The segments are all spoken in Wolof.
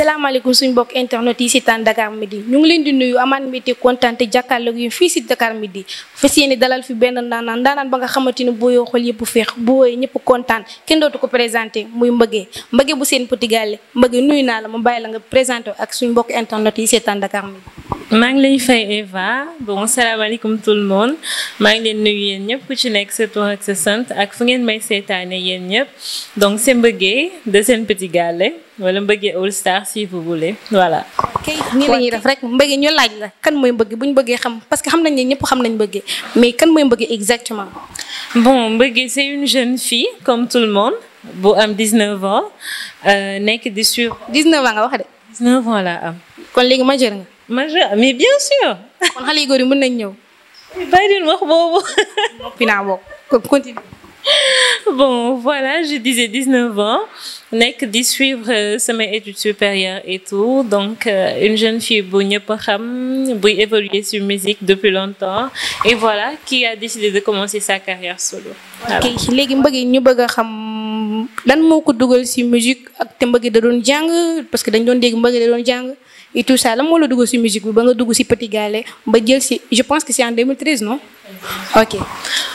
asalaamaaleykum suñu mbokk internet yi si taan Dakar Midi ñu ngi leen di nuyu amaan mbégte kontaan te jàkkaarloog yi fii si Dakar Midi fas yéene dalal fi benn ndaanaan ndaanaan ba nga xamante ni boo yoo xool yëpp féex boo wooyee ñëpp kontaan kenn dootu ko présenté muy Mbëggé Mbëggé bu seen Petit Gallé nuyu naa la ma bàyyi la nga présenté ak suñu mbokk internet yi si taan Dakar Midi maa ngi lay fay Eva bon salaamaaleykum tout le monde maa ngi leen nuyu yéen ñëpp ku ci nekk sa tur ak sa sant ak fu ngeen may seetaane yéen ñëpp donc c'est bëggee de Sen Petit Gallé wala Mbeugué All Star si vous voulez voilà. kay nii la ñuy def rek Mbeugué ñu laaj la kan mooy Mbeugué bu ñu bëggee xam parce que xam nañ ne ñëpp xam nañ bëggee mais kan mooy Mbeugué exactement. bon Mbeugué c'est une jeune fille comme tout le monde bu am 19 ans euh, nekk di suivre. 19 ans nga wax de. 19 ans am. kon léegi ma jër majeur mais bien sûr. kon xale yu góor mën nañ ñëw. bàyyi leen wax boobu. noppi naa bokk kon continue. bon voilà je disais 19 ans nekk di suivre euh, sama étude supérieure et tout donc euh, une jeune fille bu ñëpp xam buy évoluer sur musique depuis longtemps et voilà qui a décidé de commencer sa carrière solo. ok léegi ñu bëgg xam lan moo ko dugal ci musique ak te mbëgg da doon jàng parce que dañ doon dégg mbëgg da doon jàng. et tout ça lan moo la dugg si musique bi ba nga dugg si Petit Galle ba jël si je pense que c'est en 2013 non. ok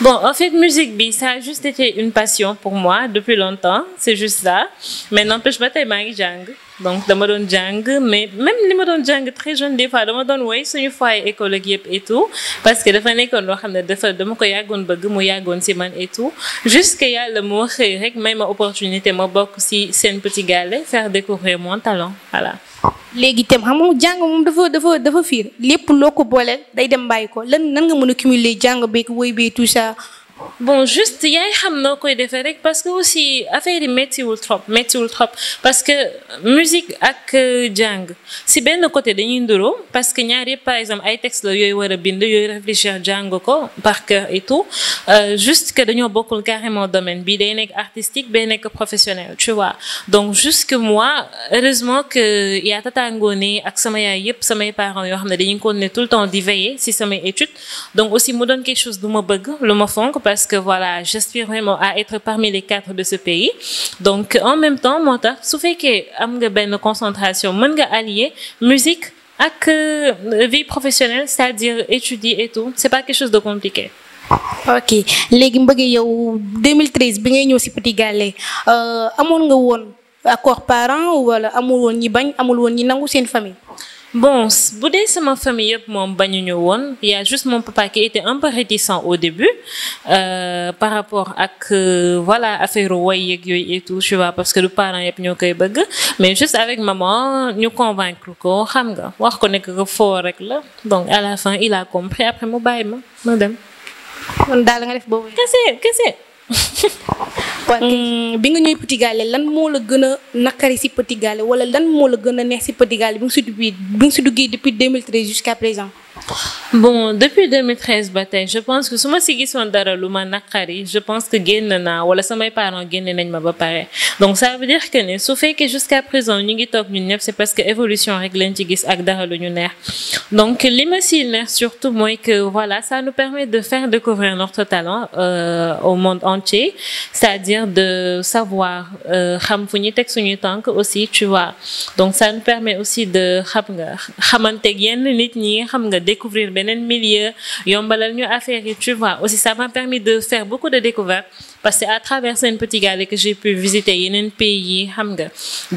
bon en fait musique bi ça a juste été une passion pour moi depuis longtemps c'est juste ça mais n'empêche ba tey maa ngi jàng. donc dama doon jàng mais même li ma doon jàng très jeune des fois dama doon woy suñu foyer école ak yëpp parce que dafa nekkoon loo xam ne dafa dama ko yàggoon bëgg mu yàggoon si man et tout jusque yàlla moo xëy rek may ma opportunité ma bokk si seen petit gallé faire découvrir mon talent voilà. léegi itam xam nga jàng moom dafa dafa dafa fiir lépp loo ko booleel day dem bàyyi ko lan nan nga mën a cumuler jàng beeg woy beeg tout bon juste yaay xam noo koy defee rek parce que aussi affaire yi méttiwul trop méttiwul trop parce que musique ak euh, jàng si benn côté dañuy nduroo parce que ñaar yëpp par exemple ay texte la yooyu war a bind yooyu réfléchir jàng ko par cœur et tout euh, juste que dañoo bokkul carrément domaine bi day nekk artistique bay nekk professionnel tu vois donc juste que moi heureusement que euh, yaa Tata Ngoné ak sama yaay yëpp samay parents yoo xam ne dañuy continuer tout le temps di veiller si samay études donc aussi mu lu ma fonk parce que voilà j'aspire vraiment à être parmi les quatre de ce pays donc en même temps moo tax su fekkee am nga benn concentration man nga allier musique ak euh, vie professionnelle c'est-à-dire étudier et tout c'est pas quelque chose de compliqué ok léegi mbëgg yow 2013 bi ngay ñëw si Petit Galle euh, amoon nga woon accord parent wala amul woon ñi bañ amul woon ñi nangu seen famille bon bu dee sama famille yëpp moom bañuñu woon y a juste mon papa qui était un peu réticent au début euh, par rapport ak euh, voilà affaire way yëg yooyu et tout tu vois parce que du parents yëpp ñoo koy bëgg mais juste avec maman ñu convaincre ko xam nga wax ko nekk ko foo rek la donc à la fin il a compris après mu bàyyi ma ma dem. kon daal nga def boobu. kese kese. Mm, bi nga ñëw Petit lan moo la gën a naqari si Petit Galle wala lan moo la gën a neex si Petit Galle bi nga si duggee bi nga si duggee jusqu'à présent. bon depuis 2013 ba tey je pense que su ma si gisoon dara lu ma naqari je pense que génn naa wala samay parents génne nañ ma ba pare donc ça veut dire que ne su fekkee jusqu'à présent ñu ngi toog ñun ñëpp c'est parce que évolution rek lañ ci gis ak ñu neex donc li ma si neex surtout mooy que voilà ça nous permet de faire découvrir notre talent euh, au monde entier c'est-à-dire de savoir euh, xam fu ñu teg suñuy tànk aussi tu vois donc ça nous permet aussi de xam nga xamanteeg yenn nit découvrir beneen milieu yombalal ñu affaire yi tu vois aussi ça permis de faire beaucoup de découvertes parce que à travers seen petit gallé que j'ai pu visiter yeneen pays yi xam nga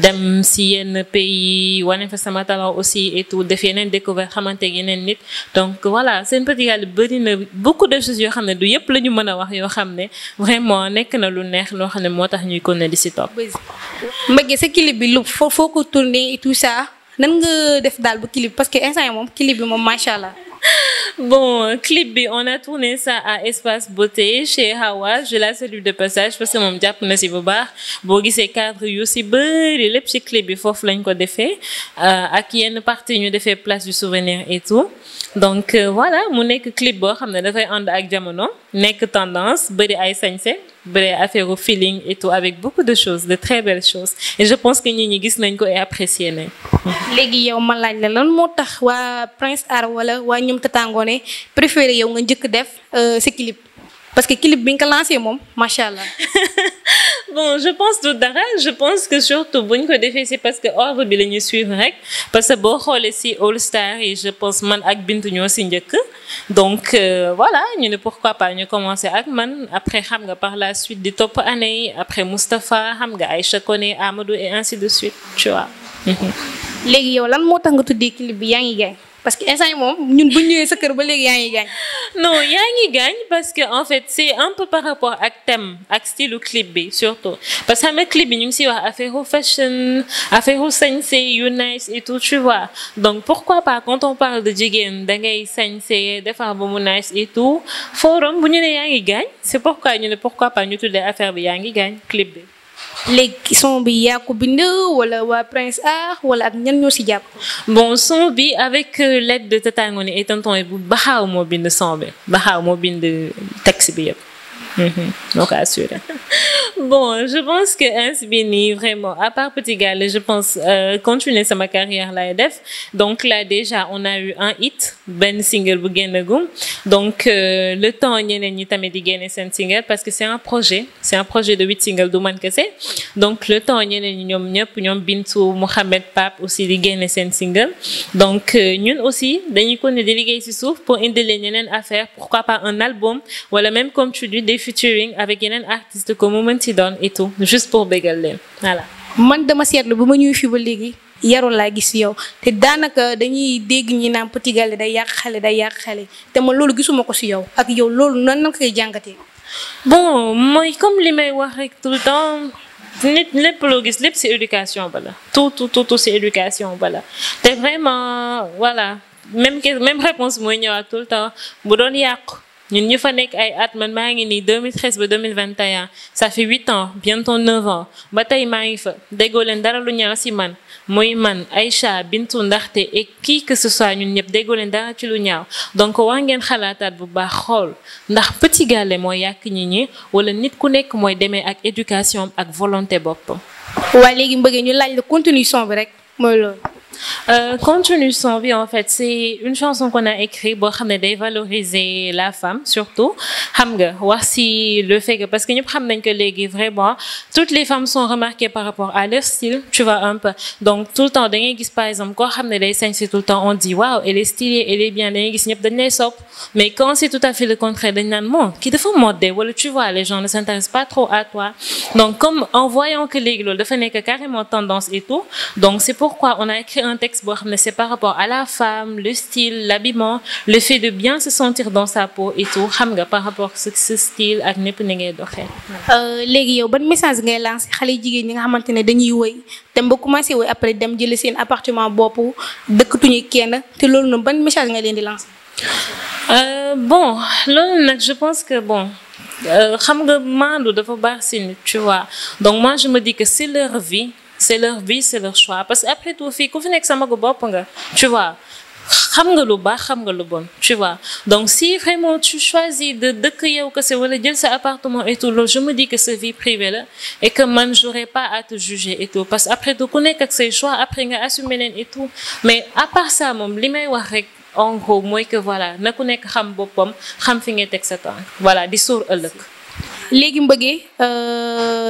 dem si yenn pays wane fa sama talent aussi et def yeneen découverte xamante yeneen nit donc wala seen petit gallé bëri na beaucoup de choses yoo xam ne du yëpp la ñu mën a wax yoo xam ne vraiment nekk na lu neex loo xam ne moo tax ñuy continuer di si topp. mbëgg sa nan nga def daal ba clip parce que instant moom clip bi moom macha bon clip bi on a tourné ça à Espace Beauté chez Hawa je la salue de passage parce que moom jàpp na si bu baax boo gisee cadre yu si bëri lépp ci clip bi foofu lañ ko defee euh, ak yenn partie ñu defee place du souvenir et donc euh, voilà mu nekk clip boo xam ne dafay ànd ak jamono. nekk tendance bëri ay sañse bëri affaire au feeling et tout avec beaucoup de choses de très belles choses et je pense que ñi ñi gis nañ ko et apprécier nañ. léegi yow ma laaj la lan moo tax waa Prince Art wala waa ñoom Tata Ngoné préféré yow nga njëkk def euh, si clip parce que clip bi nga ko lancé moom macha allah. bon je pense du dara je pense que surtout bu ñu ko defee si parce que ordre bi la ñuy suivre rek parce que boo xoolee si All Star je pense man ak Bintu ñoo si njëkk donc euh, voilà ñu ne pourquoi pas ñu commencer ak man après xam nga par la suite di topp année yi après Moustapha xam nga Aïcha Koné Amadou et ainsi de suite tu vois. yow lan moo tax nga tuddee clip bi yaa ngi gay parce que instant yi moom ñun bu ñëwee sa kër ba léegi yaa ngi gaañ. non yaa ngi gaañ parce que en fait c' est un peu par rapport ak thème ak style clip bi surtout parce que xam nga clip bi ñu ngi siy wax affaire fashion affaire sañse yu nice et tout tu vois donc pourquoi pas quand on parle de jigéen da ngay sañse defar ba mu nice et tout forum bu ñu ne yaa ngi gaañ c' est pourquoi ñu ne pourquoi pas ñu tuddee affaire bi yaa ngi gaañ clip bi. léegi son bi yaa ko bind wala waa Prince Art wala ak ñan ñoo si jàpp. bon son bi avec euh, l'aide de Tata Ngoni et tonton bu moo bind son bi Baxaaw moo bind texte bi yëpp. noo ko assuré. je pense que ainsi bi nii vraiment à part Petit je pense euh, sama carrière laay e def donc là déjà on a eu un hit benn single bu génnagum donc euh, le temps ñeneen ñi tamit di génne seen single parce que c'est un projet c'est projet de huit singles du man kese donc le temps ñeneen ñi ñoom ñëpp ñoom Bintu Mouhamed Pape aussi di génne seen single donc euh, ñun aussi dañuy continuer di liggéey ci suuf pour indi leen ñeneen affaire pourquoi pas un album wala même comme tu dis featuring avec yeneen artiste ko mu mën ci doon et tout juste pour bégal leen voilà. man dama seetlu bu ma ñëwee fii ba léegi yarul laa gis yow te daanaka dañuy dégg ñi naan Petit Gallé day yàq xale day yàq xale te man loolu gisuma ko ci yow ak yow loolu nan nan koy jàngatee. bon mooy comme li may wax rek tout le temps. nit lépp loo gis lépp ci éducation ba la tout tout tout ci éducation bala te vraiment voilà même réponse mooy ñëwaat tout le temps bu doon yàqu ñun ñu fa nekk ay at man maa ngi nii 2013 ba 2021 ça huit ans bientôt neuf ans ba tey maa ngi fa déggoo leen dara lu ñaaw si man mooy man ay Aïcha Bintu Ndaxte et kii que ce soit ñun ñëpp déggoo leen dara ci lu ñaaw donc waa ngeen xalaataat bu baax xool ndax Petit Galle mooy yàq ñi ñi wala nit ku nekk mooy demee ak éducation ak volonté bopp. waaye léegi mbëggee ñu laaj la continuation bi rek mooy loolu. Euh, Continue sans vie en fait c'est une chanson qu'on a écrite boo xam ne la femme surtout xam parce que ñëpp xam nañ que léegi vraiment toutes les femmes sont remarquées par rapport à leur style tu vois un peu donc tout le temps da ngay gis exemple koo dit waaw elle est stylée elle est bien da ngay gis ñëpp dañ lay mais quand c'est tout à fait le contraire dañ naan moom kii dafa modde wala tu les gens ne s'intéressent un texte boo xam ne c'est par rapport à la femme le style l'habillement le fait de bien se sentir dans sa peau et tout xam nga par rapport ce style ak népp ni ngay doxee. Euh, léegi yow ban message ngay lancé xale jigéen ñi nga xamante ne dañuy woy dem ba commencé woy après dem jëli seen appartement bopp dëkkatuñu kenn te loolu noonu ban message nga leen di lancé. Euh, bon loolu nag je pense que bon. Euh, xam nga maandu dafa baax si nit tu donc je me dis que c'est c'est leur vie c'est leur choix parce que après tout fii ku fi nekk sa magu bopp nga tu vois xam nga lu baax xam nga lu bon tu vois donc si vraiment tu de dëkk yow kese wala jël sa appartement et tout loolu je me dis que sa vie privée la et que man j'aurais pas à te juger et tout parce que après tout ku nekk ak say choix après nga assumer leen et tout mais à part ça moom li may wax rek en gros mooy que voilà na ku nekk xam boppam xam fi ngay teg sa tànk voilà di sóor ëllëg léegi mbëggee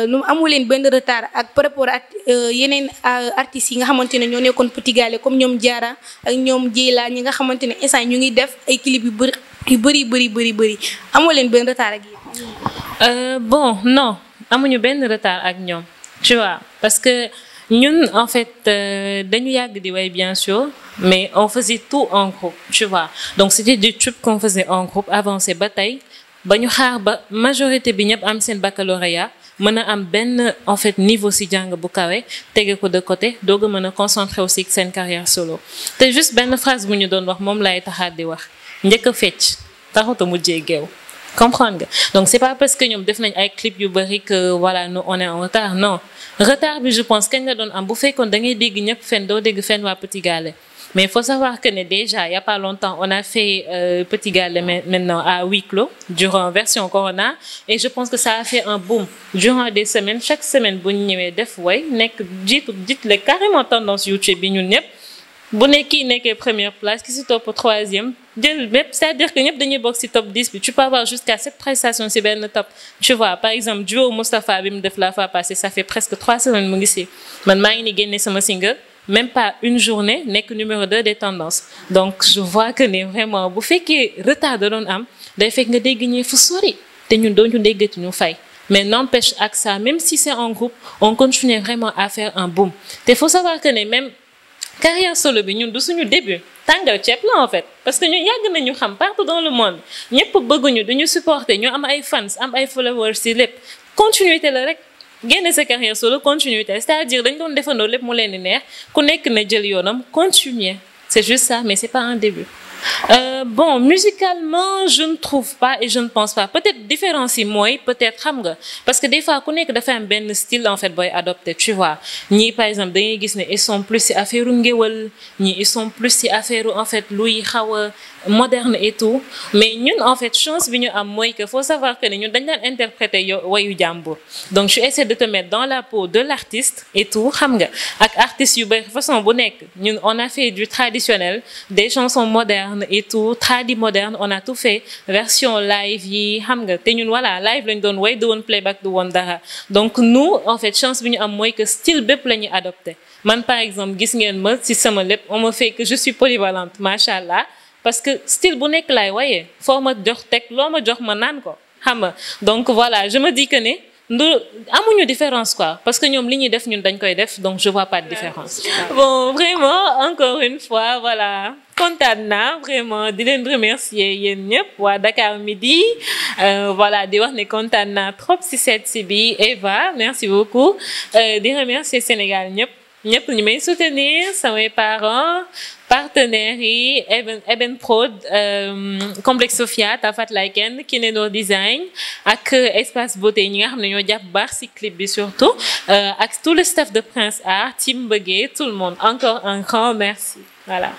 lu euh, amu leen benn retard ak par rapport ak euh, yeneen euh, artistes yi nga xamante ne ñoo nekkoon Petit Gallé comme ñoom Diarra ak ñoom Dieyla ñi nga xamante ne instant ñu ngi def ay clip yu bëri yu bëri bëri bëri bëri amoo leen benn retard ak yéen. bon non amuñu benn retard ak ñoom tu vois parce que ñun en fait dañu yàgg di way bien sûr mais on faisait tout en groupe tu vois donc c'était des trucs qu'on faisait en groupe avancé ba tey. ba ñu xaar ba majorité bi ñëpp am seen baccalauréat mën a am benn en fait niveau si jàng bu kawee tege ko de côté doo a mën a concentré aussi seen carrière solo te juste benn phrase bu ñu doon wax moom laay taxaat di wax njëkk a fecc taxut a mujjee géew comprendre nga donc c'est pas parce que ñoom def nañ ay clip yu bari que voilà nous on est en retard non retard bi je pense kañ la doon am bu fekkoon da ngay dégg ñëpp fenn doo dégg fenn waa Petit Galle Mais il faut savoir que déjà, il n'y a pas longtemps, on a fait euh, Petit Galles maintenant à huis clos, durant version Corona, et je pense que ça a fait un boom. Durant des semaines, chaque semaine, vous avez def way, dites-le carrément tendance YouTube, bu ne kii nekkee première place ki si topp troisième jël bépp c'est-à-dire que ñëpp dañuy si top 10 bi tu peux avoir jusqu'à sept prestations si benn top tu vois par exemple duo Moustapha bi mu def la fois passée ça fait mu ngi si man maa ngi ni génne sama single même pas une journée nekk numéro de des tendances donc je vois que ne vraiment bu fekkee retard da doon am day fekk nga dégg ñi fu sori te ñun dooñu déggati ñu fay mais n'empêche ak ça même si c'est en groupe on continue vraiment à faire un boom te faut savoir que ne même carrière solo bi ñun du suñu début tàngal ceeb en fait parce que ñun yàgg nañu xam partout dans le monde ñëpp bëgguñu duñu supporter ñu am ay fans am ay followers si lépp continuité la rek génne sa carrière solo continuité c'est-à-dire dañ doon defandoo lépp mu leeni di neex ku nekk na jël yoonam continuer c'est juste ça mais c'est pas un début Euh, bon musicalement je ne trouve pas et je ne pense pas peut-être différence yi mooy peut-être xam nga parce que des fois ku nekk dafa am benn style en fait booy adopté tu vois ñii par exemple da ngay gis ne ils sont plus ci affaire ngéwal ñii sont plus ci affaire en fait luy xaw a moderne et tout mais ñun en fait chance bi ñu am mooy que faut savoir que ne ñun dañ daan interpréter yo wayu donc je essaie de te mettre dans la peau de l'artiste et tout xam nga ak artistes yu bëri façon bu nekk ñun on a fait du des chansons modernes moderne et tout tradi moderne on a tout fait version live yi xam nga te ñun live lañ doon way du woon playback du woon dara donc nous en fait chance bi ñu am mooy que style bépp la ñuy adopté man par exemple gis ngeen ma si sama lépp on me fait que je suis polyvalente macha parce que style bu nekk laay wayee foo ma jox teg loo ma jox ma naan ko xam donc voilà je me dis que ne ndu amuñu différence quoi parce que ñoom li ñuy def ñun dañ koy def donc je vois pas de différence bon vraiment encore une fois voilà kontaan naa vraiment di leen remercier yéen ñëpp waa Dakar Midi euh, voilà di wax ne kontaan naa trop si seet si bi Eva merci beaucoup euh, di remercier Sénégal ñëpp ñëpp ñu may soutenir samay parents partenaires yi e Eben Eben Prod euh, complexe Sofia Tafat Laken Kineno Design ak espace beauté ñi nga xam ne ñoo jàpp baax ci clip bi surtout euh, ak tout le staff de Prince Art team Mbëggé tout le monde encore un grand merci voilà.